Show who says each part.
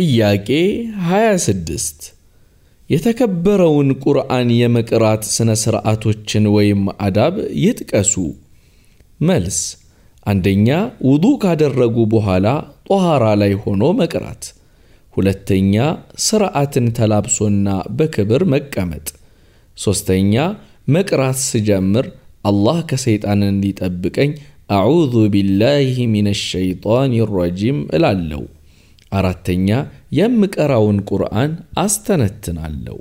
Speaker 1: ጥያቄ 26 የተከበረውን ቁርአን የመቅራት ሥነ ሥርዓቶችን ወይም አዳብ ይጥቀሱ። መልስ፣ አንደኛ ውዱ ካደረጉ በኋላ ጦሃራ ላይ ሆኖ መቅራት፣ ሁለተኛ ሥርዓትን ተላብሶና በክብር መቀመጥ፣ ሦስተኛ መቅራት ስጀምር አላህ ከሰይጣን እንዲጠብቀኝ አዑዙ ቢላሂ ሚነ ሸይጣን ረጂም እላለሁ። አራተኛ የምቀራውን ቁርአን አስተነትናለሁ